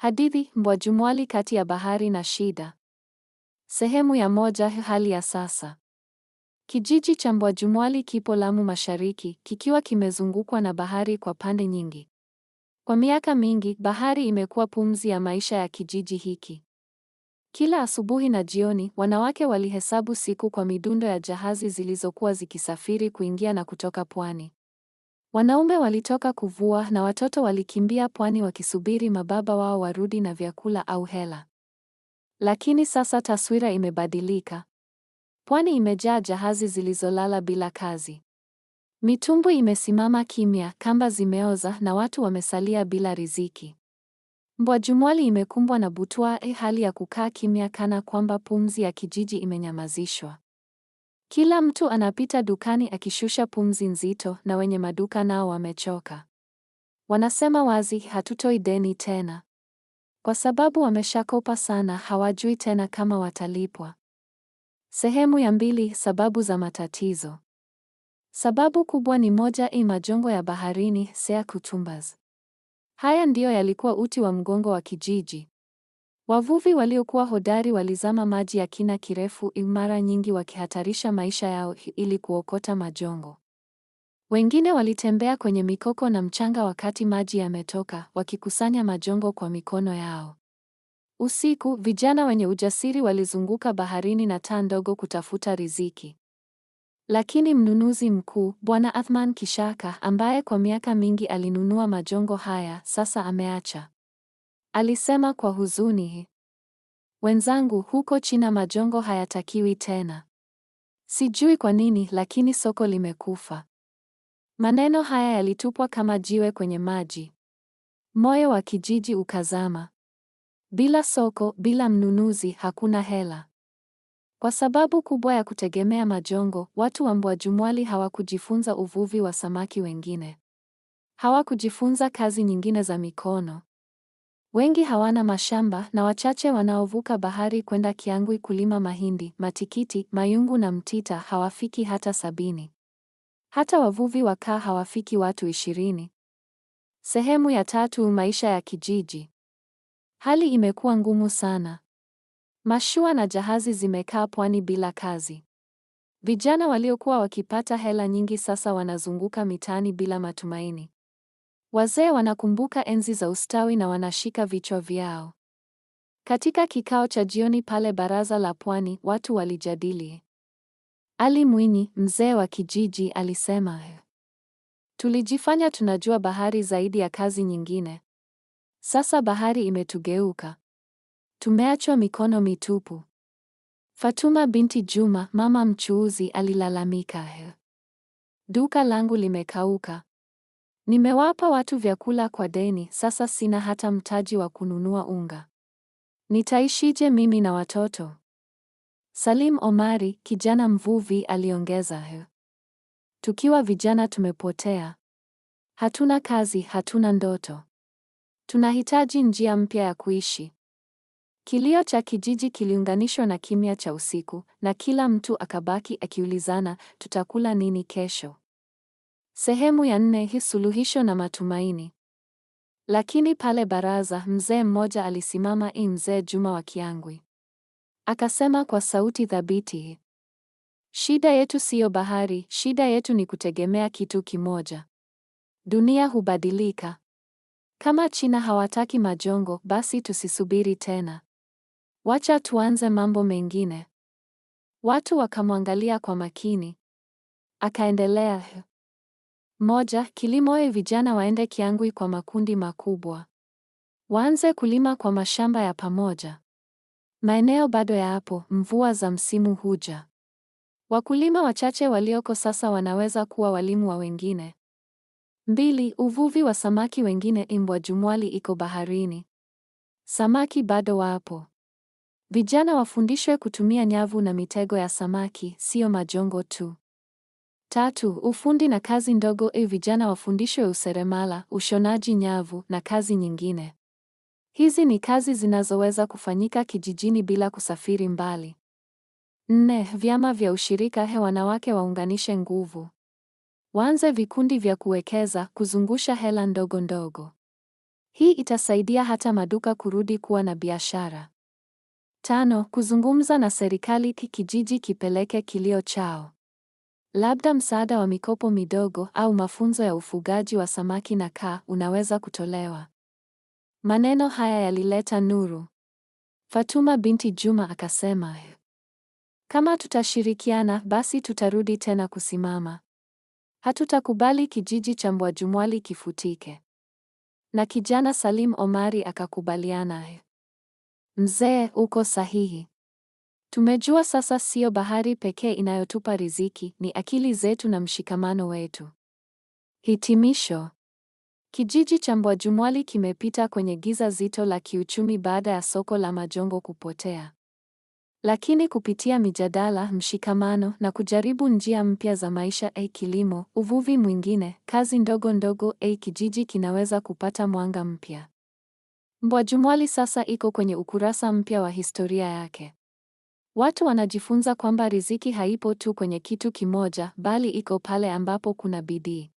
Hadithi Mbwajumwali kati ya bahari na shida. Sehemu ya moja. Hali ya sasa. Kijiji cha Mbwajumwali kipo Lamu Mashariki, kikiwa kimezungukwa na bahari kwa pande nyingi. Kwa miaka mingi, bahari imekuwa pumzi ya maisha ya kijiji hiki. Kila asubuhi na jioni, wanawake walihesabu siku kwa midundo ya jahazi zilizokuwa zikisafiri kuingia na kutoka pwani. Wanaume walitoka kuvua na watoto walikimbia pwani wakisubiri mababa wao warudi na vyakula au hela. Lakini sasa taswira imebadilika. Pwani imejaa jahazi zilizolala bila kazi. Mitumbwi imesimama kimya, kamba zimeoza na watu wamesalia bila riziki. Mbwajumwali imekumbwa na butwaa, eh, hali ya kukaa kimya kana kwamba pumzi ya kijiji imenyamazishwa. Kila mtu anapita dukani akishusha pumzi nzito, na wenye maduka nao wamechoka. Wanasema wazi, hatutoi deni tena, kwa sababu wameshakopa sana, hawajui tena kama watalipwa. Sehemu ya mbili: sababu za matatizo. Sababu kubwa ni moja, i majongo ya baharini, sea cucumbers. Haya ndiyo yalikuwa uti wa mgongo wa kijiji. Wavuvi waliokuwa hodari walizama maji ya kina kirefu, mara nyingi wakihatarisha maisha yao ili kuokota majongo. Wengine walitembea kwenye mikoko na mchanga wakati maji yametoka, wakikusanya majongo kwa mikono yao. Usiku, vijana wenye ujasiri walizunguka baharini na taa ndogo kutafuta riziki. Lakini mnunuzi mkuu, Bwana Athman Kishaka, ambaye kwa miaka mingi alinunua majongo haya, sasa ameacha. Alisema kwa huzuni. Wenzangu, huko China majongo hayatakiwi tena. Sijui kwa nini, lakini soko limekufa. Maneno haya yalitupwa kama jiwe kwenye maji. Moyo wa kijiji ukazama. Bila soko, bila mnunuzi, hakuna hela. Kwa sababu kubwa ya kutegemea majongo, watu wa Mbwajumwali hawakujifunza uvuvi wa samaki wengine. Hawakujifunza kazi nyingine za mikono. Wengi hawana mashamba na wachache wanaovuka bahari kwenda Kiangwi kulima mahindi, matikiti, mayungu na mtita hawafiki hata sabini. Hata wavuvi wakaa hawafiki watu ishirini. Sehemu ya tatu, maisha ya kijiji. Hali imekuwa ngumu sana. Mashua na jahazi zimekaa pwani bila kazi. Vijana waliokuwa wakipata hela nyingi sasa wanazunguka mitaani bila matumaini. Wazee wanakumbuka enzi za ustawi na wanashika vichwa vyao. Katika kikao cha jioni pale baraza la pwani, watu walijadili. Ali Mwinyi, mzee wa kijiji, alisema, tulijifanya tunajua bahari zaidi ya kazi nyingine. Sasa bahari imetugeuka. Tumeachwa mikono mitupu. Fatuma binti Juma, mama mchuuzi, alilalamika, duka langu limekauka. Nimewapa watu vyakula kwa deni, sasa sina hata mtaji wa kununua unga. Nitaishije mimi na watoto? Salim Omari, kijana mvuvi, aliongeza he. Tukiwa vijana tumepotea. Hatuna kazi, hatuna ndoto. Tunahitaji njia mpya ya kuishi. Kilio cha kijiji kiliunganishwa na kimya cha usiku, na kila mtu akabaki akiulizana, tutakula nini kesho? Sehemu ya nne hii suluhisho na matumaini. Lakini pale baraza, mzee mmoja alisimama, i ee mzee Juma wa Kiangwi, akasema kwa sauti thabiti, shida yetu siyo bahari, shida yetu ni kutegemea kitu kimoja. Dunia hubadilika. Kama China hawataki majongo, basi tusisubiri tena, wacha tuanze mambo mengine. Watu wakamwangalia kwa makini, akaendelea moja, kilimoe vijana waende Kiangui kwa makundi makubwa. Waanze kulima kwa mashamba ya pamoja. Maeneo bado yapo, mvua za msimu huja. Wakulima wachache walioko sasa wanaweza kuwa walimu wa wengine. Mbili, uvuvi wa samaki wengine Imbwa Jumwali iko baharini. Samaki bado wapo. Vijana wafundishwe kutumia nyavu na mitego ya samaki, siyo majongo tu. Tatu, ufundi na kazi ndogo e, vijana wafundishwe useremala, ushonaji nyavu na kazi nyingine. Hizi ni kazi zinazoweza kufanyika kijijini bila kusafiri mbali. Nne, vyama vya ushirika he, wanawake waunganishe nguvu. Waanze vikundi vya kuwekeza, kuzungusha hela ndogo ndogo. Hii itasaidia hata maduka kurudi kuwa na biashara. Tano, kuzungumza na serikali, kikijiji kipeleke kilio chao. Labda msaada wa mikopo midogo au mafunzo ya ufugaji wa samaki na kaa unaweza kutolewa. Maneno haya yalileta nuru. Fatuma binti Juma akasema, kama tutashirikiana basi tutarudi tena kusimama. Hatutakubali kijiji cha Mbwajumwali kifutike. Na kijana Salim Omari akakubaliana. Mzee, uko sahihi. Tumejua sasa siyo bahari pekee inayotupa riziki, ni akili zetu na mshikamano wetu. Hitimisho. Kijiji cha Mbwajumwali kimepita kwenye giza zito la kiuchumi baada ya soko la Majongo kupotea. Lakini kupitia mijadala, mshikamano na kujaribu njia mpya za maisha, a kilimo, uvuvi mwingine, kazi ndogo ndogo, a kijiji kinaweza kupata mwanga mpya. Mbwajumwali sasa iko kwenye ukurasa mpya wa historia yake. Watu wanajifunza kwamba riziki haipo tu kwenye kitu kimoja, bali iko pale ambapo kuna bidii.